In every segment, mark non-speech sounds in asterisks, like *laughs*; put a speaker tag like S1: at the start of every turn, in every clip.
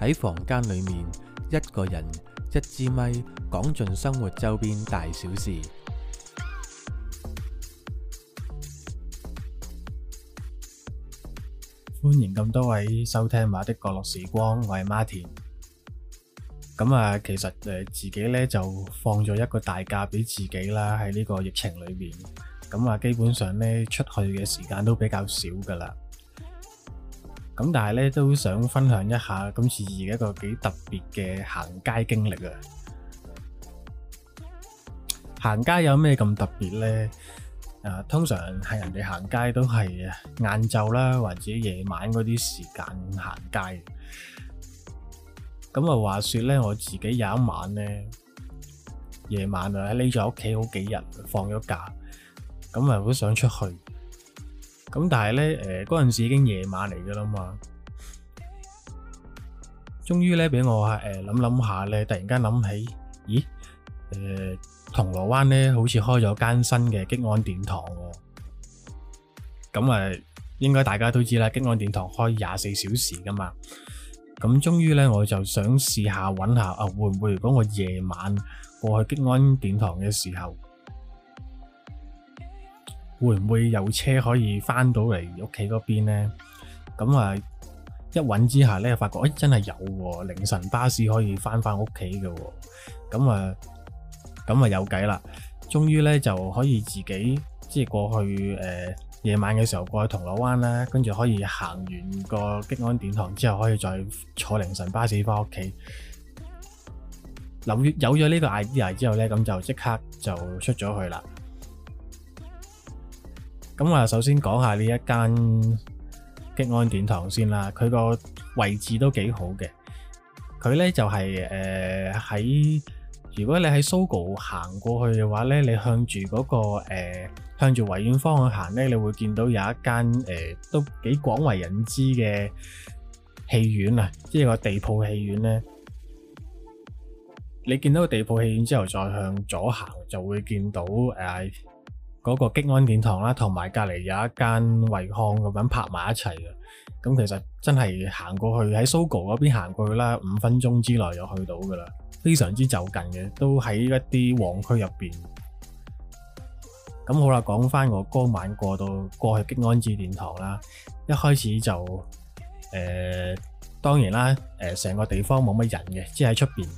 S1: 喺房間裏面，一個人一支咪講盡生活周邊大小事。歡迎咁多位收聽《話的角落時光》，我係 Martin。咁啊，其實誒自己咧就放咗一個大假俾自己啦，喺呢個疫情裏面，咁啊基本上咧出去嘅時間都比較少噶啦。咁但係咧都想分享一下今次而一個幾特別嘅行街經歷啊！行街有咩咁特別咧？誒、啊，通常係人哋行街都係晏晝啦，或者夜晚嗰啲時間行街。咁啊，話說咧，我自己有一晚咧，夜晚啊匿咗屋企好幾日，放咗假，咁啊好想出去。咁但係咧，誒嗰陣時已經夜晚嚟噶啦嘛，終於咧俾我誒諗諗下咧，突然間諗起，咦，誒銅鑼灣咧好似開咗間新嘅激安殿堂喎、啊，咁、嗯、啊應該大家都知啦，激安殿堂開廿四小時噶嘛，咁終於咧我就想試下搵下啊，會唔會如果我夜晚過去激安殿堂嘅時候？會唔會有車可以翻到嚟屋企嗰邊呢？咁啊，一揾之下咧，發覺誒、欸，真係有、啊、凌晨巴士可以翻翻屋企嘅。咁啊，咁啊有計啦！終於咧就可以自己即係過去誒，夜、呃、晚嘅時候過去銅鑼灣啦，跟住可以行完個激安殿堂之後，可以再坐凌晨巴士翻屋企。林月有咗呢個 idea 之後呢，咁就即刻就出咗去啦。咁啊，首先講下呢一間激安殿堂先啦，佢個位置都幾好嘅。佢咧就係誒喺，如果你喺 Sogo 行過去嘅話咧，你向住嗰、那個誒、呃、向住維園方向行咧，你會見到有一間誒、呃、都幾廣為人知嘅戲院啊，即係個地鋪戲院咧。你見到個地鋪戲院之後，再向左行就會見到誒。呃嗰個激安之殿堂啦，同埋隔離有一間維康咁樣拍埋一齊嘅，咁其實真係行過去喺 Sogo 嗰邊行過去啦，五分鐘之內就去到噶啦，非常之就近嘅，都喺一啲旺區入邊。咁好啦，講翻我今晚過到過去激安之殿堂啦，一開始就誒當然啦，誒成個地方冇乜人嘅，即係喺出邊。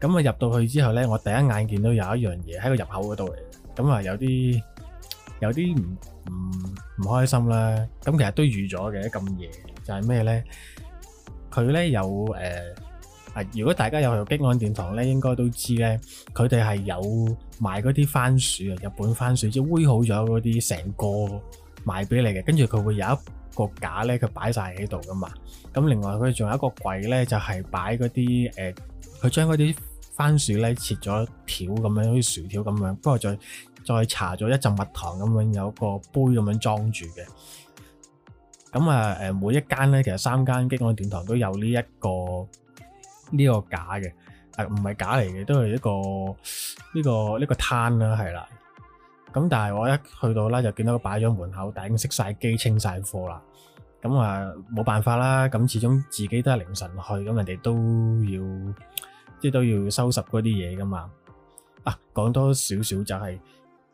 S1: 咁我入到去之後咧，我第一眼見到有一樣嘢喺個入口嗰度嚟。咁啊，有啲有啲唔唔唔開心啦。咁其實都預咗嘅，咁夜就係咩咧？佢咧有誒啊、呃！如果大家有去激安殿堂咧，應該都知咧，佢哋係有賣嗰啲番薯啊，日本番薯，即係煨好咗嗰啲成個賣俾你嘅。跟住佢會有一個架咧，佢擺晒喺度㗎嘛。咁另外佢仲有一個櫃咧，就係擺嗰啲誒，佢、呃、將嗰啲，番薯咧切咗條咁樣，好似薯條咁樣。不過再再搽咗一陣蜜糖咁樣，有個杯咁樣裝住嘅。咁啊誒，每一間咧，其實三間激安殿堂都有呢一個呢個假嘅，啊唔係假嚟嘅，都係一個呢個呢個攤啦，係啦。咁但係我一去到啦，就見到擺咗喺門口，頂熄曬機、清晒貨啦。咁啊冇辦法啦，咁始終自己都係凌晨去，咁人哋都要。即都要收拾嗰啲嘢噶嘛，啊，講多少少就係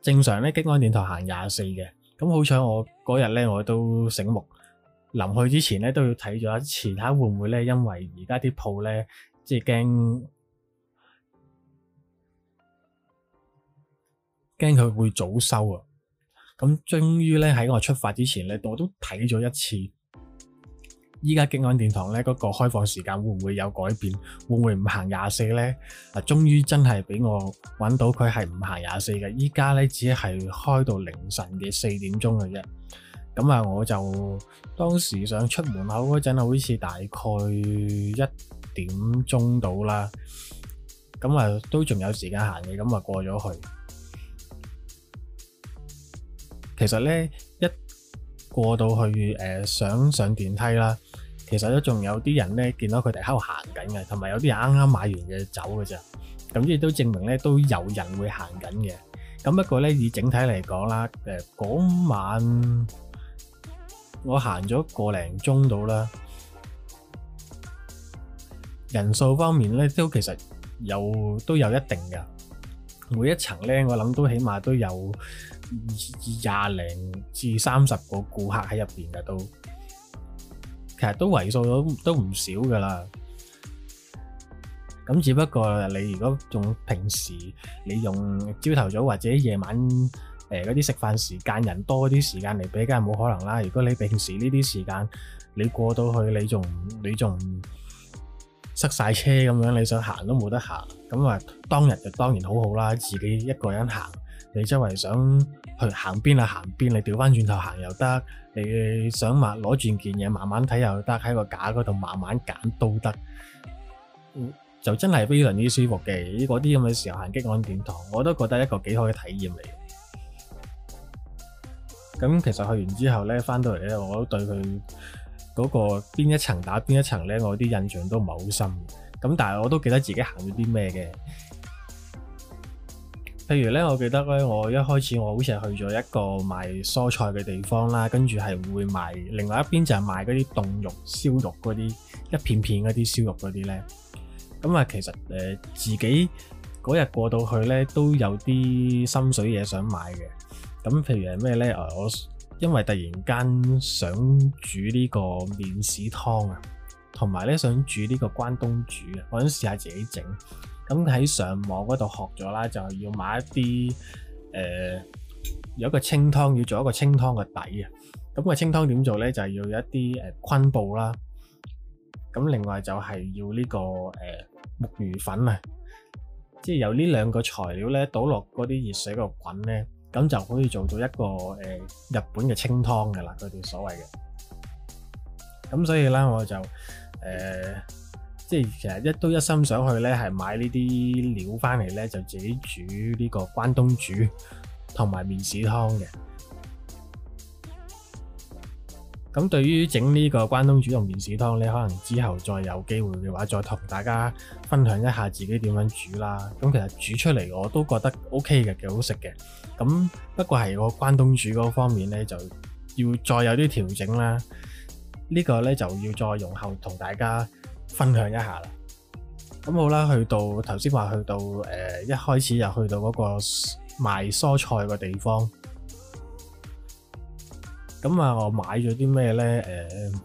S1: 正常咧，激安殿堂行廿四嘅。咁好彩我嗰日咧我都醒目，臨去之前咧都要睇咗一次，睇下會唔會咧，因為而家啲鋪咧即係驚驚佢會早收啊，咁終於咧喺我出發之前咧，我都睇咗一次。依家激安殿堂咧，嗰個開放時間會唔會有改變？會唔會唔行廿四咧？啊，終於真係俾我揾到佢係唔行廿四嘅。依家咧只係開到凌晨嘅四點鐘嘅啫。咁啊，我就當時想出門口嗰陣好似大概一點鐘到啦。咁啊，都仲有時間行嘅，咁啊過咗去。其實咧，一過到去誒、呃，想上電梯啦。其實都仲有啲人咧，見到佢哋喺度行緊嘅，同埋有啲人啱啱買完嘢走嘅咋。咁亦都證明咧，都有人會行緊嘅。咁不過咧，以整體嚟講啦，誒，嗰晚我行咗個零鐘度啦。人數方面咧，都其實有都有一定嘅。每一層咧，我諗都起碼都有二廿零至三十個顧客喺入邊嘅都。其實都為數都都唔少㗎喇，咁只不過你如果仲平時你用朝頭早或者夜晚誒，嗰啲食飯時間人多啲時間嚟比，梗係冇可能啦。如果你平時呢啲時間你過到去你，你仲你仲塞晒車咁樣，你想行都冇得行。咁啊，當日就當然好好啦，自己一個人行，你周圍想去行邊啊行邊，你調翻轉頭行又得，你想慢攞住件嘢慢慢睇又得，喺個架嗰度慢慢揀都得，嗯，就真係非常之舒服嘅。嗰啲咁嘅時候行激安殿堂，我都覺得一個幾好嘅體驗嚟。咁其實去完之後咧，翻到嚟咧，我都對佢嗰個邊一層打邊一層咧，我啲印象都唔係好深。咁但係我都記得自己行咗啲咩嘅。譬如咧，我記得咧，我一開始我好似係去咗一個賣蔬菜嘅地方啦，跟住係會賣另外一邊就係賣嗰啲凍肉、燒肉嗰啲一片片嗰啲燒肉嗰啲咧。咁啊，其實誒、呃、自己嗰日過到去咧，都有啲心水嘢想買嘅。咁譬如係咩咧？誒、呃，我因為突然間想煮呢個麵豉湯啊，同埋咧想煮呢個關東煮啊，我想試下自己整。咁喺上網嗰度學咗啦，就要買一啲誒、呃、有一個清湯，要做一個清湯嘅底啊。咁個清湯點做呢？就係要一啲呃昆布啦。咁另外就係要呢個誒、呃、木魚粉啊。即係由呢兩個材料呢倒落嗰啲熱水個滾呢，咁就可以做到一個誒、呃、日本嘅清湯嘅啦。佢哋所謂嘅。咁所以呢，我就誒。呃即係其實一都一心想去咧，係買呢啲料翻嚟咧，就自己煮呢個關東煮同埋麵豉湯嘅。咁對於整呢個關東煮同麵豉湯咧，你可能之後再有機會嘅話，再同大家分享一下自己點樣煮啦。咁其實煮出嚟我都覺得 OK 嘅，幾好食嘅。咁不過係個關東煮嗰方面咧，就要再有啲調整啦。這個、呢個咧就要再用後同大家。分享一下啦，咁好啦，去到頭先話去到誒、呃，一開始又去到嗰個賣蔬菜嘅地方，咁啊，我買咗啲咩呢？誒、呃，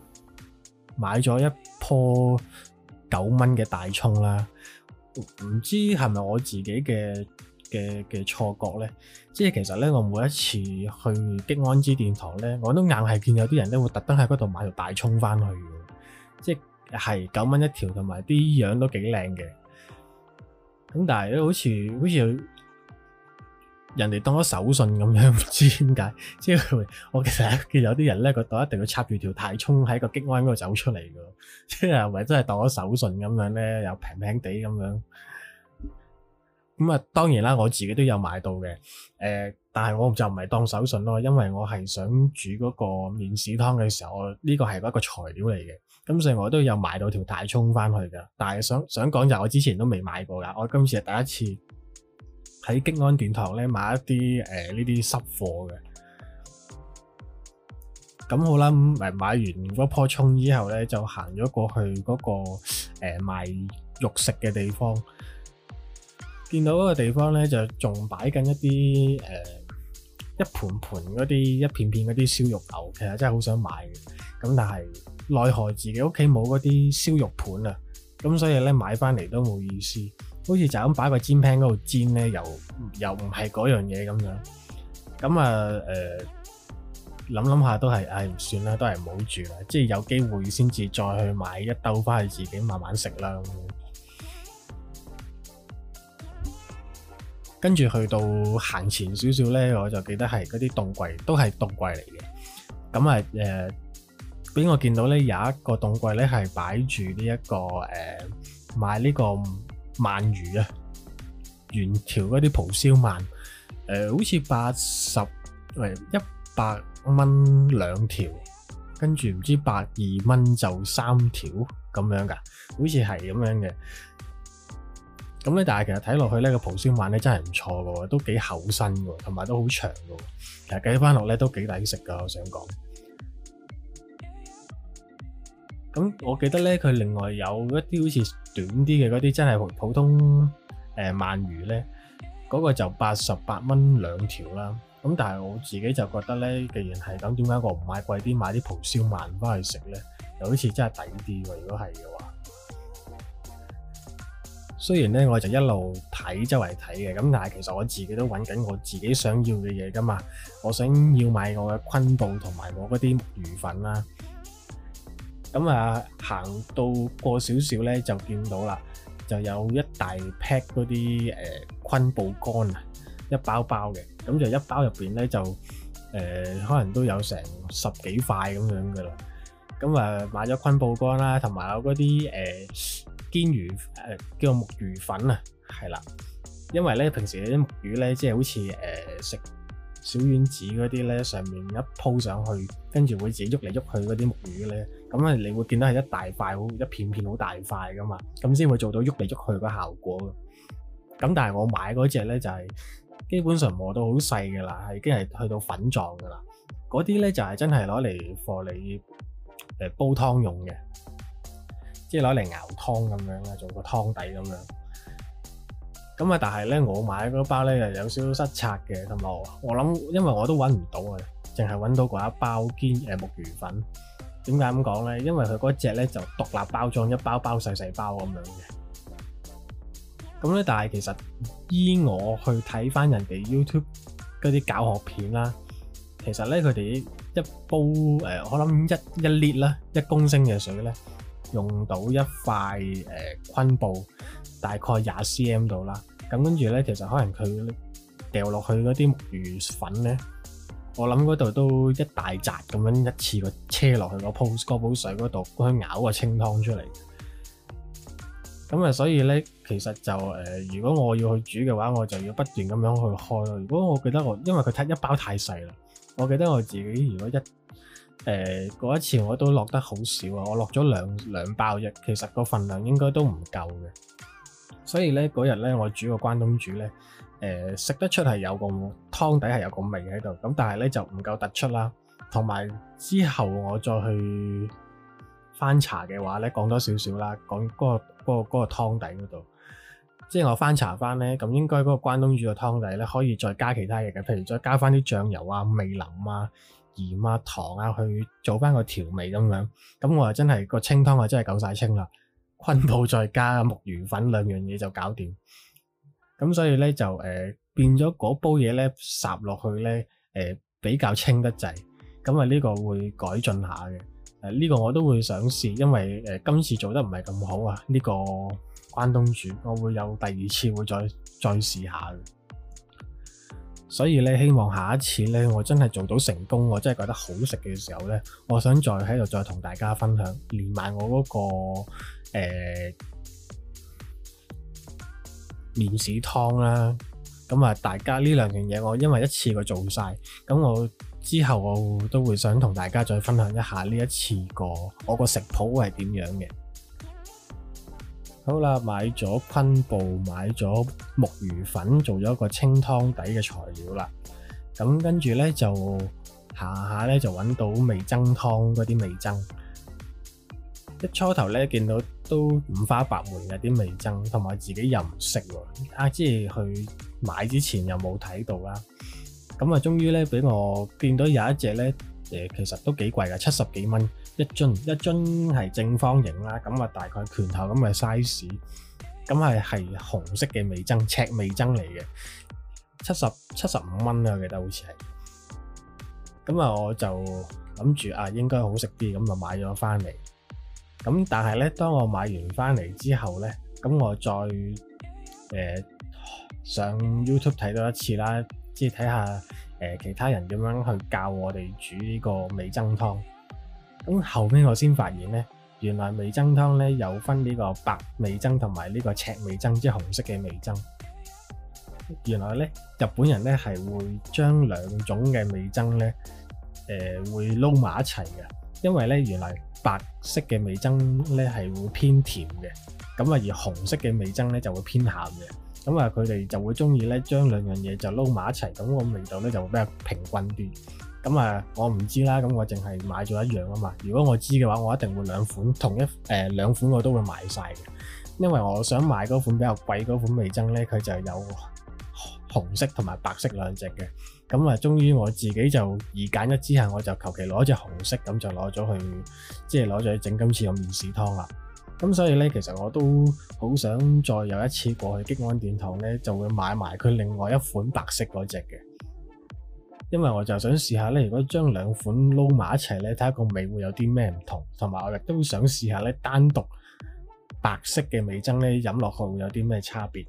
S1: 買咗一棵九蚊嘅大蔥啦，唔知係咪我自己嘅嘅嘅錯覺呢？即係其實呢，我每一次去激安之殿堂呢，我都硬係見有啲人呢會特登喺嗰度買條大蔥翻去，即係。係九蚊一條，同埋啲樣都幾靚嘅。咁但係咧，好似好似人哋當咗手信咁樣，唔知點解。即 *laughs* 係我其實見有啲人咧，佢一定要插住條太蔥喺個激安嗰度走出嚟噶。即係或者真係當咗手信咁樣咧，又平平地咁樣。咁啊，當然啦，我自己都有買到嘅。誒、呃。但係我就唔係當手信咯，因為我係想煮嗰個麵豉湯嘅時候，我呢個係一個材料嚟嘅。咁所以我都有買到條大蔥翻去噶。但係想想講就係我之前都未買過噶，我今次係第一次喺激安殿堂咧買一啲誒呢啲濕貨嘅。咁好啦，咁誒買完嗰棵蔥之後咧，就行咗過去嗰個誒賣肉食嘅地方，見到嗰個地方咧就仲擺緊一啲誒。一盤盤嗰啲，一片片嗰啲燒肉牛，其實真係好想買嘅。咁但係奈何自己屋企冇嗰啲燒肉盤啊，咁所以咧買翻嚟都冇意思。好似就咁擺個煎盤嗰度煎咧，又又唔係嗰樣嘢咁樣。咁啊，誒諗諗下都係，唉、哎、唔算啦，都係唔好住啦。即係有機會先至再去買一兜翻去自己慢慢食啦。跟住去到行前少少咧，我就記得係嗰啲凍櫃，都係凍櫃嚟嘅。咁啊，誒、呃，俾我見到咧，有一個凍櫃咧係擺住呢一個誒賣呢個鰻魚啊，原條嗰啲蒲燒鰻，誒、呃、好似八十誒一百蚊兩條，跟住唔知百二蚊就三條咁樣噶，好似係咁樣嘅。咁呢，但係其實睇落去呢，個蒲燒鰻呢真係唔錯嘅，都幾厚身嘅，同埋都好長嘅。其實計返落嚟都幾抵食嘅，我想講。咁我記得呢，佢另外有一啲好似短啲嘅嗰啲，真係普通誒、呃、鰻魚呢，嗰、那個就八十八蚊兩條啦。咁但係我自己就覺得呢，既然係咁，點解我唔買貴啲，買啲蒲燒鰻返去食呢？又好似真係抵啲喎。如果係嘅話。雖然咧，我就一路睇周圍睇嘅，咁但係其實我自己都揾緊我自己想要嘅嘢噶嘛，我想要買我嘅昆布同埋我嗰啲木魚粉啦。咁、嗯、啊，行到過少少咧，就見到啦，就有一大劈嗰啲誒昆布乾啊，一包包嘅，咁就一包入邊咧就誒、呃、可能都有成十幾塊咁樣噶啦。咁、嗯、啊，買咗昆布乾啦，同埋有嗰啲誒。呃堅魚誒、呃、叫做木魚粉啊，係啦，因為咧平時啲木魚咧，即係好似誒、呃、食小丸子嗰啲咧，上面一鋪上去，跟住會自己喐嚟喐去嗰啲木魚咧，咁啊，你會見到係一大塊好一片片好大塊噶嘛，咁先會做到喐嚟喐去個效果。咁但係我買嗰隻咧就係、是、基本上磨到好細㗎啦，係已經係去到粉狀㗎啦。嗰啲咧就係、是、真係攞嚟幫你誒煲湯用嘅。即係攞嚟熬湯咁樣啦，做個湯底咁樣。咁啊，但係咧，我買嗰包咧又有少少失策嘅，同埋我我諗，因為我都揾唔到啊，淨係揾到嗰一包堅誒、呃、木魚粉。點解咁講咧？因為佢嗰隻咧就獨立包裝，一包包細細包咁樣嘅。咁咧，但係其實依我去睇翻人哋 YouTube 嗰啲教學片啦，其實咧佢哋一煲誒、呃，我諗一一列啦，一, lit, 一公升嘅水咧。用到一塊誒昆、呃、布，大概廿 cm 度啦。咁跟住咧，其實可能佢掉落去嗰啲木魚粉咧，我諗嗰度都一大紮咁樣一次個車落去個 po 斯鍋煲水嗰度，佢咬個清湯出嚟。咁啊，所以咧，其實就誒、呃，如果我要去煮嘅話，我就要不斷咁樣去開。如果我記得我，因為佢剔一包太細啦，我記得我自己如果一誒，呃，嗰一次我都落得好少啊，我落咗兩兩包啫，其實個份量應該都唔夠嘅，所以咧，嗰日咧，我煮個關東煮咧，誒，呃，食得出係有個湯底係有個味喺度，咁但係咧就唔夠突出啦，同埋之後我再去翻查嘅話咧，講多少少啦，講嗰個嗰個嗰個湯底嗰度。即係我翻查翻咧，咁應該嗰個關東煮嘅湯底咧可以再加其他嘢嘅，譬如再加翻啲醬油啊、味淋啊、鹽啊、糖啊去做翻個調味咁樣。咁我係真係個清湯係真係夠晒清啦，昆布再加木魚粉兩樣嘢就搞掂。咁所以咧就誒、呃、變咗嗰煲嘢咧，霎落去咧誒、呃、比較清得滯。咁啊呢個會改進下嘅誒呢個我都會想試，因為誒、呃、今次做得唔係咁好啊呢個。關東煮，我會有第二次會再再試下，所以咧希望下一次咧，我真係做到成功，我真係覺得好食嘅時候咧，我想再喺度再同大家分享，連埋我嗰個誒麵豉湯啦，咁、欸、啊大家呢兩樣嘢，我因為一次過做晒，咁我之後我都會想同大家再分享一下呢一次個我個食譜係點樣嘅。好啦，買咗昆布，買咗木魚粉，做咗一個清湯底嘅材料啦。咁、嗯、跟住咧就下下咧就揾到味噌湯嗰啲味噌。一初頭咧見到都五花八門嘅啲味噌，同埋自己又唔識喎，啊即係去買之前又冇睇到啦。咁、嗯、啊，終於咧俾我見到有一隻咧誒，其實都幾貴㗎，七十幾蚊。一樽一樽係正方形啦，咁啊大概拳頭咁嘅 size，咁係係紅色嘅味噌，赤味噌嚟嘅，七十七十五蚊啊，我記得好似係，咁啊我就諗住啊應該好食啲，咁就買咗翻嚟，咁但係咧當我買完翻嚟之後咧，咁我再誒、呃、上 YouTube 睇多一次啦，即係睇下誒其他人點樣去教我哋煮呢個味噌湯。咁後尾我先發現呢，原來味噌湯呢有分呢個白味噌同埋呢個赤味噌，即係紅色嘅味噌。原來呢，日本人呢係會將兩種嘅味噌呢誒會撈埋一齊嘅。因為呢原來白色嘅味噌呢係會偏甜嘅，咁啊而紅色嘅味噌呢就會偏鹹嘅。咁啊，佢哋就會中意呢將兩樣嘢就撈埋一齊，咁個味道呢就會比較平均啲。咁啊、嗯，我唔知啦。咁、嗯、我淨係買咗一樣啊嘛。如果我知嘅話，我一定會兩款同一誒，兩、呃、款我都會買晒嘅。因為我想買嗰款比較貴嗰款味噌咧，佢就有紅色同埋白色兩隻嘅。咁、嗯、啊、嗯，終於我自己就而揀咗之後，我就求其攞隻紅色，咁、嗯、就攞咗去，即係攞咗去整今次嘅麵豉湯啦。咁、嗯、所以咧，其實我都好想再有一次過去激安殿堂咧，就會買埋佢另外一款白色嗰隻嘅。因為我就想試下咧，如果將兩款撈埋一齊咧，睇下個味會有啲咩唔同，同埋我亦都想試下咧，單獨白色嘅味噌咧飲落去會有啲咩差別。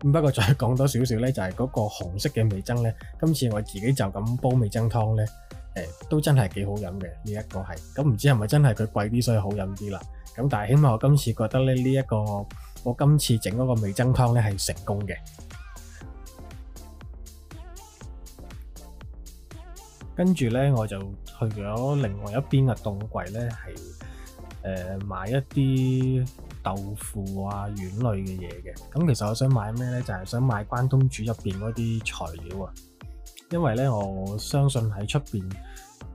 S1: 咁不過再講多少少咧，就係嗰個紅色嘅味噌咧，今次我自己就咁煲味噌湯咧，誒、欸、都真係幾好飲嘅呢一個係。咁唔知係咪真係佢貴啲所以好飲啲啦？咁但係起碼我今次覺得咧，呢一個我今次整嗰個味噌湯咧係成功嘅。跟住咧，我就去咗另外一邊嘅凍櫃咧，係誒、呃、買一啲豆腐啊、丸類嘅嘢嘅。咁其實我想買咩咧？就係、是、想買關東煮入邊嗰啲材料啊，因為咧我相信喺出邊，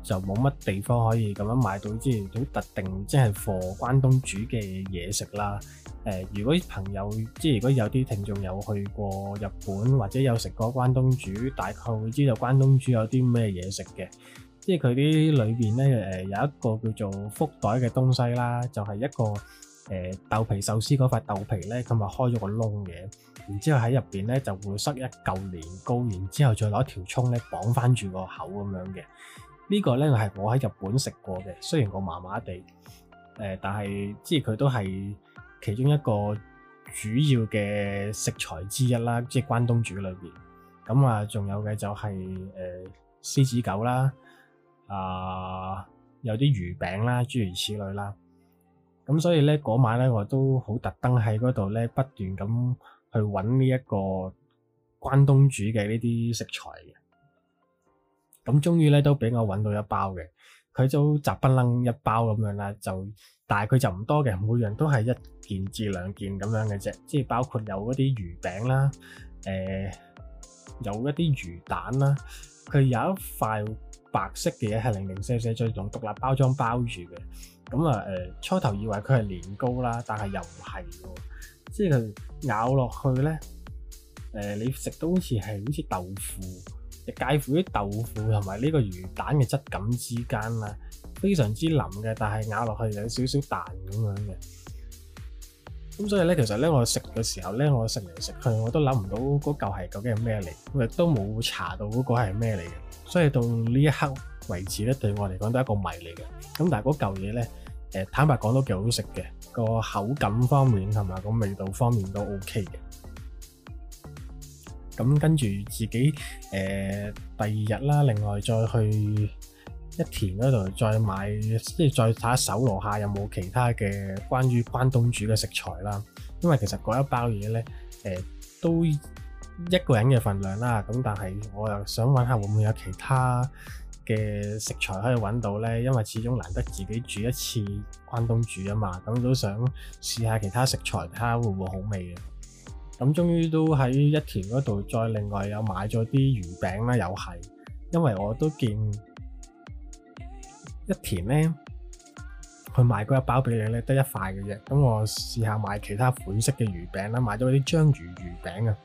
S1: 就冇乜地方可以咁樣買到之前好特定即係 for 關東煮嘅嘢食啦。誒、呃，如果朋友即係如果有啲聽眾有去過日本或者有食過關東煮，大概會知道關東煮有啲咩嘢食嘅。即係佢啲裏邊咧誒有一個叫做福袋嘅東西啦，就係、是、一個誒、呃、豆皮壽司嗰塊豆皮咧，咁咪開咗個窿嘅，然之後喺入邊咧就會塞一嚿年糕，然之後再攞條葱咧綁翻住個口咁樣嘅。呢個咧係我喺日本食過嘅，雖然我麻麻地，誒，但係即係佢都係其中一個主要嘅食材之一啦，即係關東煮裏邊。咁啊、就是，仲有嘅就係誒獅子狗啦，啊、呃，有啲魚餅啦，諸如此類啦。咁所以咧，嗰晚咧我都好特登喺嗰度咧不斷咁去揾呢一個關東煮嘅呢啲食材嘅。咁終於咧都俾我揾到一包嘅，佢就雜不楞一包咁樣啦，就但係佢就唔多嘅，每樣都係一件至兩件咁樣嘅啫，即係包括有嗰啲魚餅啦，誒、呃、有一啲魚蛋啦，佢有一塊白色嘅嘢係零零碎碎再用獨立包裝包住嘅，咁啊誒、呃、初頭以為佢係年糕啦，但係又唔係喎，即係佢咬落去咧，誒、呃、你食到好似係好似豆腐。介乎於豆腐同埋呢個魚蛋嘅質感之間啦，非常之腍嘅，但係咬落去有少少彈咁樣嘅。咁所以咧，其實咧我食嘅時候咧，我食嚟食去我都諗唔到嗰嚿係究竟係咩嚟，亦都冇查到嗰個係咩嚟嘅。所以到呢一刻為止咧，對我嚟講都係一個謎嚟嘅。咁但係嗰嚿嘢咧，誒坦白講都幾好食嘅，個口感方面同埋個味道方面都 OK 嘅。咁跟住自己誒、呃、第二日啦，另外再去一田嗰度再買，即係再睇下搜羅下有冇其他嘅關於關東煮嘅食材啦。因為其實嗰一包嘢咧誒都一個人嘅份量啦。咁但係我又想揾下會唔會有其他嘅食材可以揾到咧？因為始終難得自己煮一次關東煮啊嘛，咁都想試下其他食材睇下會唔會好味嘅。咁終於都喺一田嗰度，再另外有買咗啲魚餅啦、啊，又係，因為我都見一田咧，佢賣嗰一包俾你咧，得一塊嘅啫。咁我試下買其他款式嘅魚餅啦、啊，買咗啲章魚魚餅啊，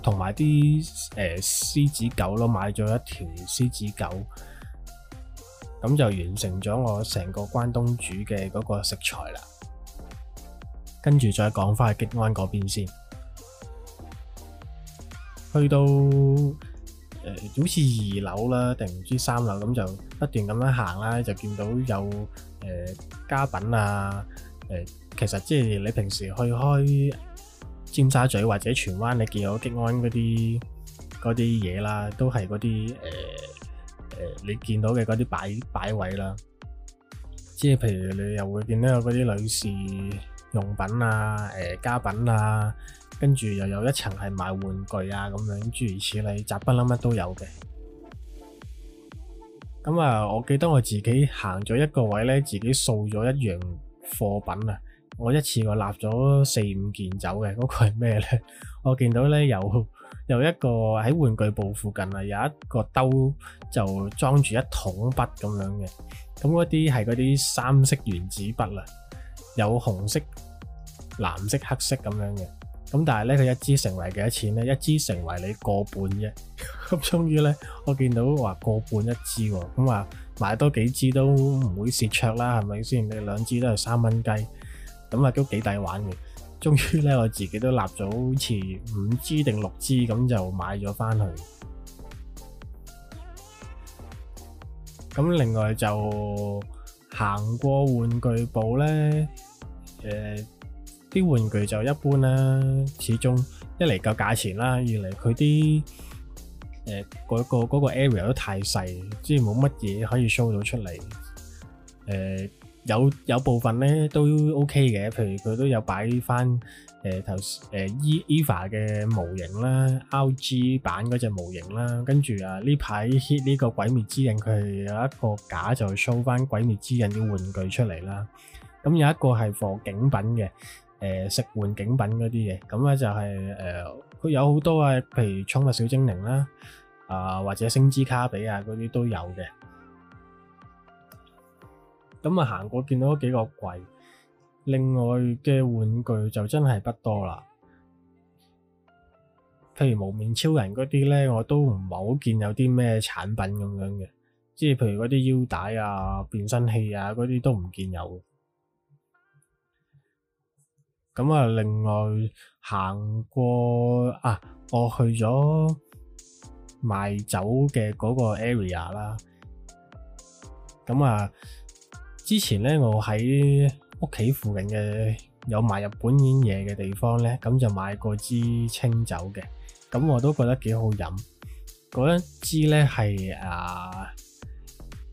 S1: 同埋啲誒獅子狗咯、啊，買咗一條獅子狗，咁就完成咗我成個關東煮嘅嗰個食材啦。跟住再講返去激安嗰邊先，去到誒、呃、好似二樓啦，定唔知三樓咁就不斷咁樣行啦，就見到有誒、呃、家品啊，誒、呃、其實即係你平時去開尖沙咀或者荃灣，你見到激安嗰啲嗰啲嘢啦，都係嗰啲誒誒你見到嘅嗰啲擺擺位啦，即係譬如你又會見到有嗰啲女士用品啊，誒、呃，家品啊，跟住又有一層係賣玩具啊，咁樣諸如此類，雜不拉乜都有嘅。咁啊，我記得我自己行咗一個位咧，自己掃咗一樣貨品啊，我一次我攞咗四五件走嘅，嗰、那個係咩咧？我見到咧有有一個喺玩具部附近啊，有一個兜就裝住一桶筆咁樣嘅，咁嗰啲係嗰啲三色原子筆啊。有紅色、藍色、黑色咁樣嘅，咁但係呢，佢一支成為幾多錢呢？一支成為你個半啫。咁終於呢，我見到話個半一支喎，咁話買多幾支都唔會蝕卓啦，係咪先？你兩支都係三蚊雞，咁啊都幾抵玩嘅。終於呢，我自己都立咗好似五支定六支，咁就買咗返去。咁另外就。行過玩具部咧，誒、呃、啲玩具就一般啦。始終一嚟夠價錢啦，二嚟佢啲誒嗰個、嗰個 area 都太細，即係冇乜嘢可以 show 到出嚟。誒、呃、有有部分咧都 OK 嘅，譬如佢都有擺翻。誒頭誒 Eva 嘅模型啦，RG 版嗰隻模型啦，跟住啊呢排 hit 呢、呢個鬼滅之刃佢有一個假就 show 返鬼滅之刃嘅玩具出嚟啦，咁有一個係防景品嘅，誒、呃、食玩景品嗰啲嘅，咁咧就係誒佢有好多啊，譬如寵物小精靈啦，啊或者星之卡比啊嗰啲都有嘅，咁啊行過見到幾個櫃。另外嘅玩具就真係不多啦，譬如無面超人嗰啲咧，我都唔係好見有啲咩產品咁樣嘅，即係譬如嗰啲腰帶啊、變身器啊嗰啲都唔見有。咁啊，另外行過啊，我去咗賣酒嘅嗰個 area 啦。咁啊，之前咧，我喺。屋企附近嘅有賣日本飲嘢嘅地方咧，咁就買過支清酒嘅，咁我都覺得幾好飲。咁嗰支咧係啊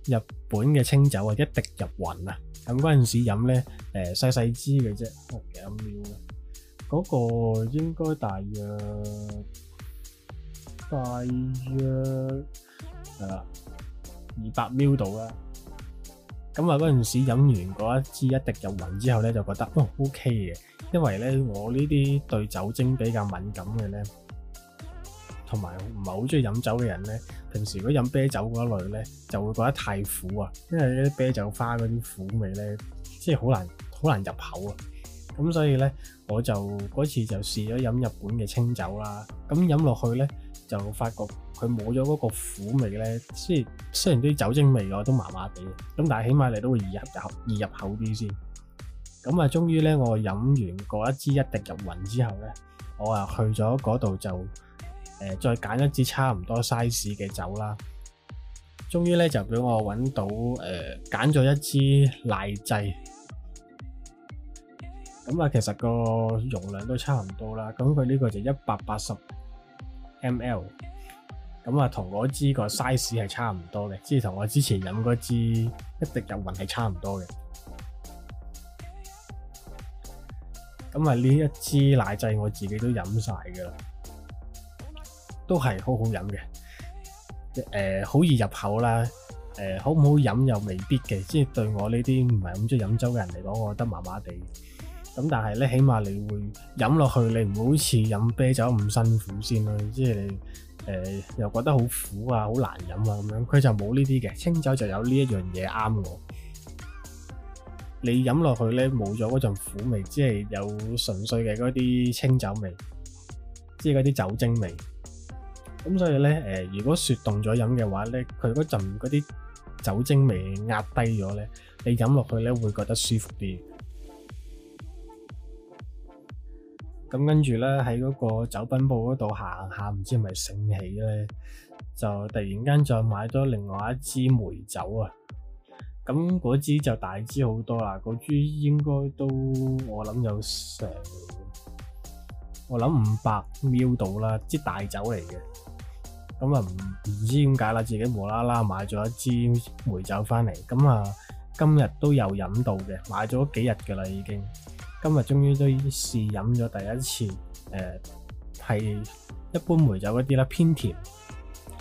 S1: 日本嘅清酒啊，一滴入魂啊！咁嗰陣時飲咧，誒、呃、細細支嘅啫，幾多 ml 啊？嗰、嗰個應該大約大約二百、啊、ml 度啦。咁啊，嗰陣、嗯、時飲完嗰一支一滴入魂之後咧，就覺得哦、嗯、OK 嘅，因為咧我呢啲對酒精比較敏感嘅咧，同埋唔係好中意飲酒嘅人咧，平時如果飲啤酒嗰類咧，就會覺得太苦啊，因為啲啤酒花嗰啲苦味咧，即係好難好難入口啊。咁、嗯、所以咧，我就嗰次就試咗飲日本嘅清酒啦、啊。咁飲落去咧，就發覺，佢冇咗嗰個苦味咧，雖雖然啲酒精味我都麻麻地，咁但係起碼你都會易入口，易入口啲先。咁啊，終於咧，我飲完嗰一支一滴入魂之後咧，我啊去咗嗰度就誒、呃、再揀一支差唔多的 size 嘅酒啦。終於咧就俾我揾到誒揀咗一支奶製，咁啊其實個容量都差唔多啦。咁佢呢個就一百八十 mL。咁啊，同我支個 size 係差唔多嘅，即係同我之前飲嗰支一滴入魂係差唔多嘅。咁啊，呢一支奶製我自己都飲晒㗎喇，都係好好飲嘅。一、呃、好易入口啦，誒、呃、好唔好飲又未必嘅，即係對我呢啲唔係咁中意飲酒嘅人嚟講，我覺得麻麻地。咁但係咧，起碼你會飲落去，你唔會好似飲啤酒咁辛苦先啦，即係你。誒、呃，又覺得好苦啊，好難飲啊，咁樣佢就冇呢啲嘅，清酒就有呢一樣嘢啱我。你飲落去咧，冇咗嗰陣苦味，只係有純粹嘅嗰啲清酒味，即係嗰啲酒精味。咁所以咧，誒、呃，如果雪凍咗飲嘅話咧，佢嗰陣嗰啲酒精味壓低咗咧，你飲落去咧會覺得舒服啲。咁跟住咧，喺嗰個酒品部嗰度行下，唔知咪醒起咧，就突然間再買多另外一支梅酒啊！咁嗰支就大支好多啦，嗰支應該都我諗有成，我諗五百 ml 度啦，支大酒嚟嘅。咁啊，唔唔知點解啦，自己無啦啦買咗一支梅酒翻嚟，咁啊今日都有飲到嘅，買咗幾日噶啦已經了了。今日終於都試飲咗第一次，誒、呃、係一般梅酒嗰啲啦，偏甜。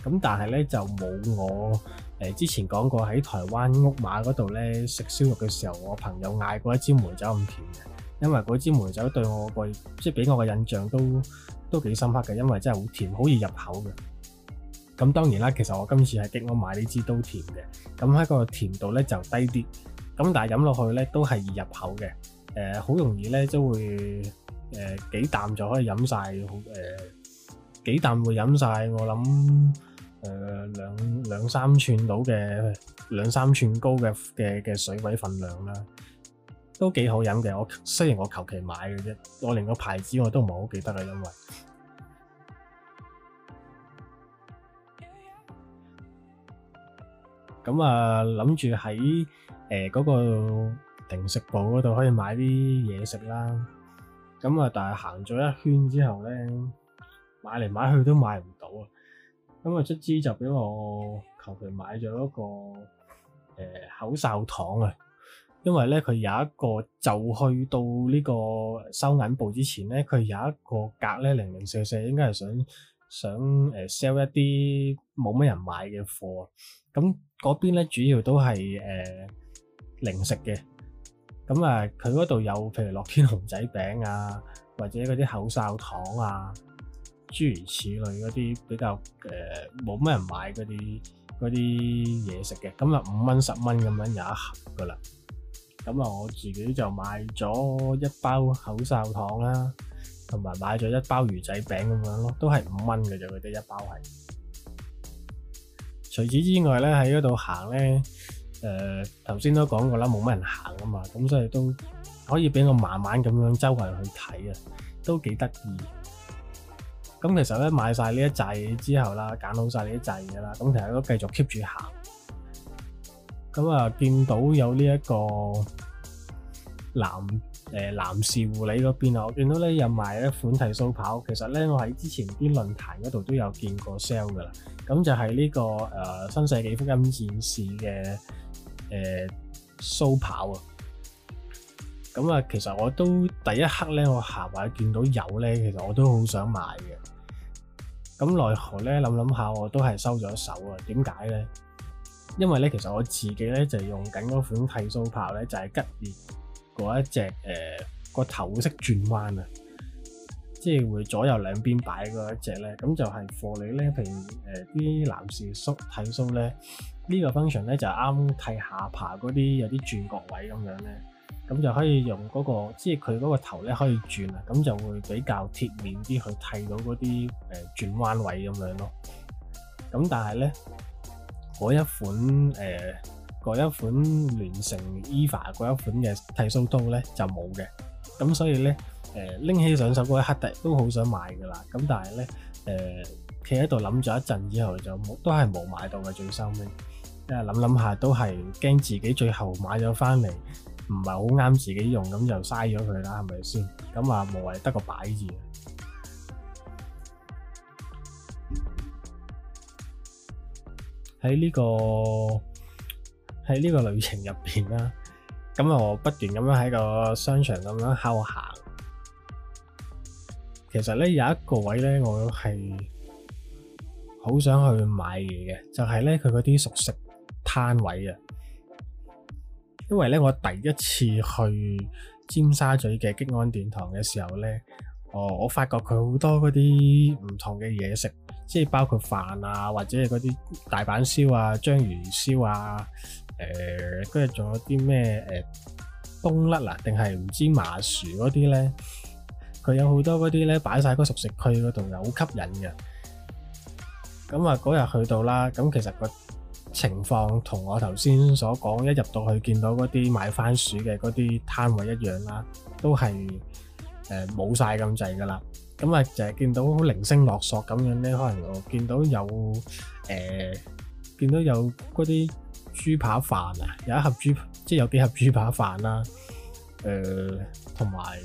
S1: 咁但係咧就冇我誒、呃、之前講過喺台灣屋馬嗰度咧食燒肉嘅時候，我朋友嗌過一支梅酒咁甜嘅。因為嗰支梅酒對我個即係俾我嘅印象都都幾深刻嘅，因為真係好甜，好易入口嘅。咁當然啦，其實我今次係激我買呢支都甜嘅。咁喺個甜度咧就低啲。咁但係飲落去咧都係易入口嘅。誒，好、呃、容易咧，都會誒、呃、幾啖就可以飲晒，好、呃、誒幾啖會飲晒。我諗誒兩兩三寸到嘅，兩三寸高嘅嘅嘅水位份量啦，都幾好飲嘅。我雖然我求其買嘅啫，我連個牌子我都唔係好記得啦，因為咁啊諗住喺誒嗰個。零食部嗰度可以買啲嘢食啦，咁啊，但係行咗一圈之後咧，買嚟買去都買唔到啊！咁啊，卒之就俾我求其買咗一個誒、呃、口哨糖啊！因為咧，佢有一個就去到呢個收銀部之前咧，佢有一個格咧，零零四四應該係想想誒 sell 一啲冇乜人買嘅貨。咁嗰邊咧，主要都係誒、呃、零食嘅。咁啊，佢嗰度有譬如樂天熊仔餅啊，或者嗰啲口哨糖啊，諸如此類嗰啲比較誒冇乜人買嗰啲啲嘢食嘅，咁啊五蚊十蚊咁樣有一盒噶啦。咁、嗯、啊，我自己就買咗一包口哨糖啦、啊，同埋買咗一包魚仔餅咁樣咯，都係五蚊嘅啫，嗰啲一包係。除此之外咧，喺嗰度行咧。誒，頭先、呃、都講過啦，冇乜人行啊嘛，咁所以都可以俾我慢慢咁樣周圍去睇啊，都幾得意。咁其實咧買晒呢一掣之後啦，揀好晒呢一掣噶啦，咁其實都繼續 keep 住行。咁啊，見到有呢、這、一個男誒男士護理嗰邊啊，我見到咧有賣一款剃鬚刨，其實咧我喺之前啲論壇嗰度都有見過 sell 噶啦，咁就係呢、這個誒、呃、新世紀福音戰士嘅。誒，鬚刨、呃、啊，咁、嗯、啊，其實我都第一刻咧，我行埋見到有咧，其實我都好想買嘅。咁奈何咧，諗諗下，我都係收咗手啊。點解咧？因為咧，其實我自己咧就用緊嗰款剃鬚刨咧，就係、是就是、吉列嗰一隻誒個頭識轉彎啊，即係會左右兩邊擺嗰一隻咧。咁就係貨你咧，譬如誒啲、呃、男士鬚剃鬚咧。個呢個 function 咧就係啱剃下巴嗰啲有啲轉角位咁樣咧，咁就可以用嗰、那個，即係佢嗰個頭咧可以轉啊，咁就會比較貼面啲去剃到嗰啲誒轉彎位咁樣咯。咁但係咧，嗰一款誒嗰、呃、一款聯乘 EVA 嗰一款嘅剃鬚刀咧就冇嘅。咁所以咧誒拎起上手嗰一刻都好想買噶啦。咁但係咧誒企喺度諗咗一陣之後就冇，都係冇買到嘅最終。即係諗諗下，都係驚自己最後買咗返嚟唔係好啱自己用，咁就嘥咗佢啦，係咪先？咁話無謂得個擺住。喺呢個喺呢個旅程入邊啦，咁啊我不斷咁樣喺個商場咁樣行行。其實咧有一個位咧，我係好想去買嘢嘅，就係咧佢嗰啲熟食攤位啊！因為咧，我第一次去尖沙咀嘅激安殿堂嘅時候咧，哦，我發覺佢好多嗰啲唔同嘅嘢食，即係包括飯啊，或者係嗰啲大阪燒啊、章魚燒啊，誒、呃，跟住仲有啲咩誒冬甩啊，定係唔知麻薯嗰啲咧，佢有好多嗰啲咧擺晒嗰熟食區嗰度，又好吸引嘅。咁啊，嗰日去到啦，咁其實個情況同我頭先所講，一入到去見到嗰啲買番薯嘅嗰啲攤位一樣啦，都係誒冇晒咁滯㗎喇。咁、呃、啊，就係見到好零星落索咁樣咧，可能我見到有誒、呃，見到有嗰啲豬扒飯啊，有一盒豬，即係有幾盒豬扒飯啦。誒、呃，同埋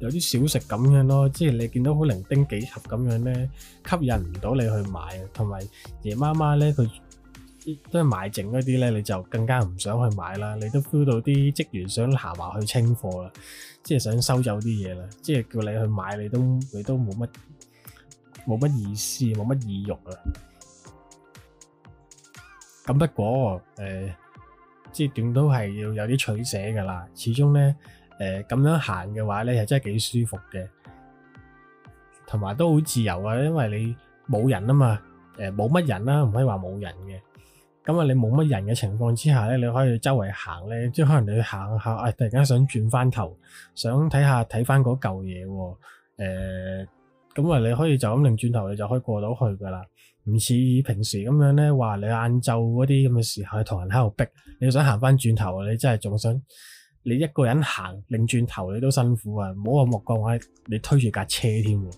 S1: 有啲小食咁樣咯。即係你見到好零丁幾盒咁樣咧，吸引唔到你去買。同埋夜媽媽咧，佢。都係買剩嗰啲咧，你就更加唔想去買啦。你都 feel 到啲職員想行埋去清貨啦，即係想收走啲嘢啦，即係叫你去買，你都你都冇乜冇乜意思，冇乜意欲啊。咁不過誒、呃，即係點都係要有啲取捨噶啦。始終咧誒咁樣行嘅話咧，係真係幾舒服嘅，同埋都好自由啊，因為你冇人、呃、人啊嘛，誒冇乜人啦，唔可以話冇人嘅。咁啊，你冇乜人嘅情況之下咧，你可以周圍行咧，即係可能你行下，哎，突然間想轉翻頭，想睇下睇翻嗰嚿嘢喎，誒，咁、呃、啊，你可以就咁擰轉頭，你就可以過到去噶啦，唔似平時咁樣咧，話你晏晝嗰啲咁嘅時候，同人喺度逼，你想行翻轉頭，你真係仲想你一個人行擰轉頭，你都辛苦啊，唔好話莫講話，你推住架車添喎。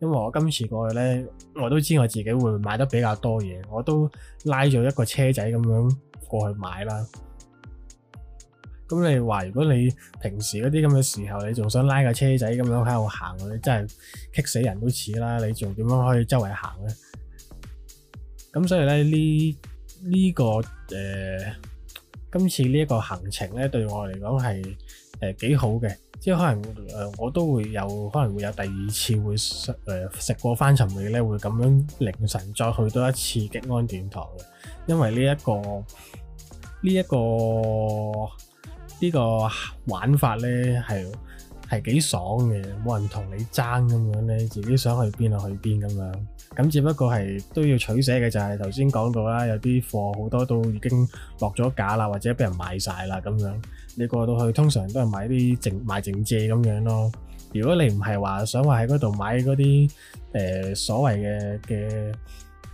S1: 因為我今次過去咧，我都知我自己會買得比較多嘢，我都拉咗一個車仔咁樣過去買啦。咁你話如果你平時嗰啲咁嘅時候，你仲想拉個車仔咁樣喺度行，你真係激死人都似啦！你仲點樣可以周圍行咧？咁所以咧呢呢、這個誒、呃，今次呢一個行程咧對我嚟講係誒幾好嘅。即係可能誒、呃，我都會有，可能會有第二次會食食、呃、過翻尋味咧，會咁樣凌晨再去多一次極安殿堂激安殿堂嘅，因為呢、這、一個呢一、這個呢、這個玩法咧係係幾爽嘅，冇人同你爭咁樣咧，自己想去邊就去邊咁樣。咁只不過係都要取捨嘅，就係頭先講到啦，有啲貨好多都已經落咗架啦，或者俾人買晒啦咁樣。你過到去通常都係買啲淨買淨蔗咁樣咯。如果你唔係話想話喺嗰度買嗰啲誒所謂嘅嘅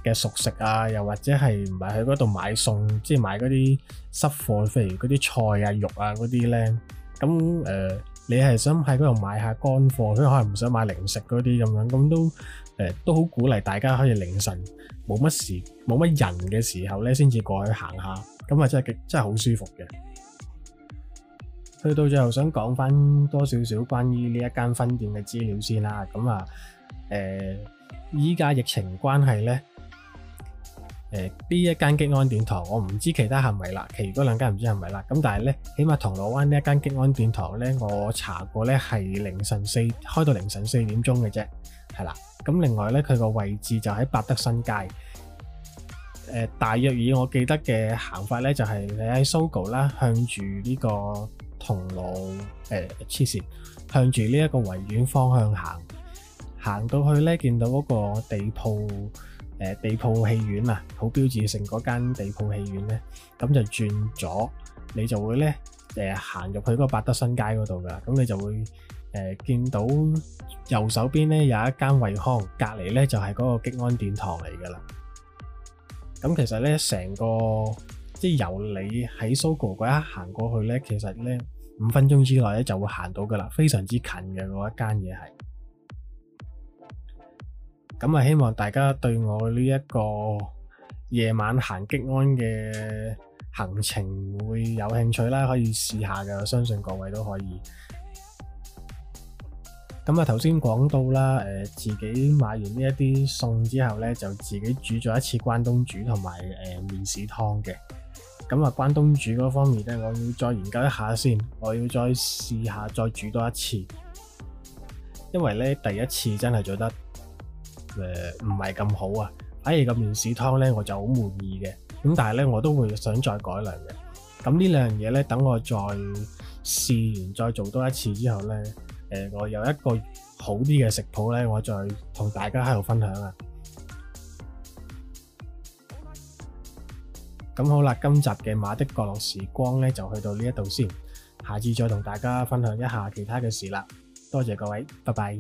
S1: 嘅熟食啊，又或者係唔係去嗰度買餸，即係買嗰啲濕貨，譬如嗰啲菜啊、肉啊嗰啲咧，咁誒、呃、你係想喺嗰度買下乾貨，佢可能唔想買零食嗰啲咁樣，咁都誒、呃、都好鼓勵大家可以凌晨冇乜時冇乜人嘅時候咧，先至過去行下，咁啊真係極真係好舒服嘅。去到最後，想講翻多少少關於呢一間分店嘅資料先啦。咁啊，誒依家疫情關係呢誒呢、呃、一間激安殿堂我唔知其他係咪啦，其餘嗰兩間唔知係咪啦。咁但係呢，起碼銅鑼灣呢一間激安殿堂呢，我查過呢係凌晨四開到凌晨四點鐘嘅啫，係啦。咁另外呢，佢個位置就喺百德新街、呃。大約以我記得嘅行法呢，就係、是、你喺 Sogo 啦，向住呢、這個。銅鑼誒，黐線、欸，向住呢一個維園方向行，行到去咧，見到嗰個地鋪誒、呃、地鋪戲院啊，好標誌性嗰間地鋪戲院咧、啊，咁就轉左，你就會咧誒行入去嗰個百德新街嗰度噶，咁你就會誒、呃、見到右手邊咧有一間惠康，隔籬咧就係、是、嗰個激安殿堂嚟噶啦。咁其實咧，成個即係由你喺 Sogo 嗰一行過去咧，其實咧。五分鐘之內咧就會行到㗎喇，非常之近嘅嗰一間嘢係。咁啊，希望大家對我呢一個夜晚行激安嘅行程會有興趣啦，可以試下嘅，我相信各位都可以。咁啊，頭先講到啦，誒自己買完呢一啲餸之後呢，就自己煮咗一次關東煮同埋誒麵豉湯嘅。咁啊，關東煮嗰方面咧，我要再研究一下先，我要再試下再煮多一次，因為咧第一次真係做得誒唔係咁好啊。反而個麵豉湯咧，我就好滿意嘅。咁但係咧，我都會想再改良嘅。咁呢兩樣嘢咧，等我再試完再做多一次之後咧，誒、呃，我有一個好啲嘅食譜咧，我再同大家喺度分享啊！咁好啦，今集嘅馬的角落時光呢就去到呢一度先，下次再同大家分享一下其他嘅事啦。多謝各位，拜拜。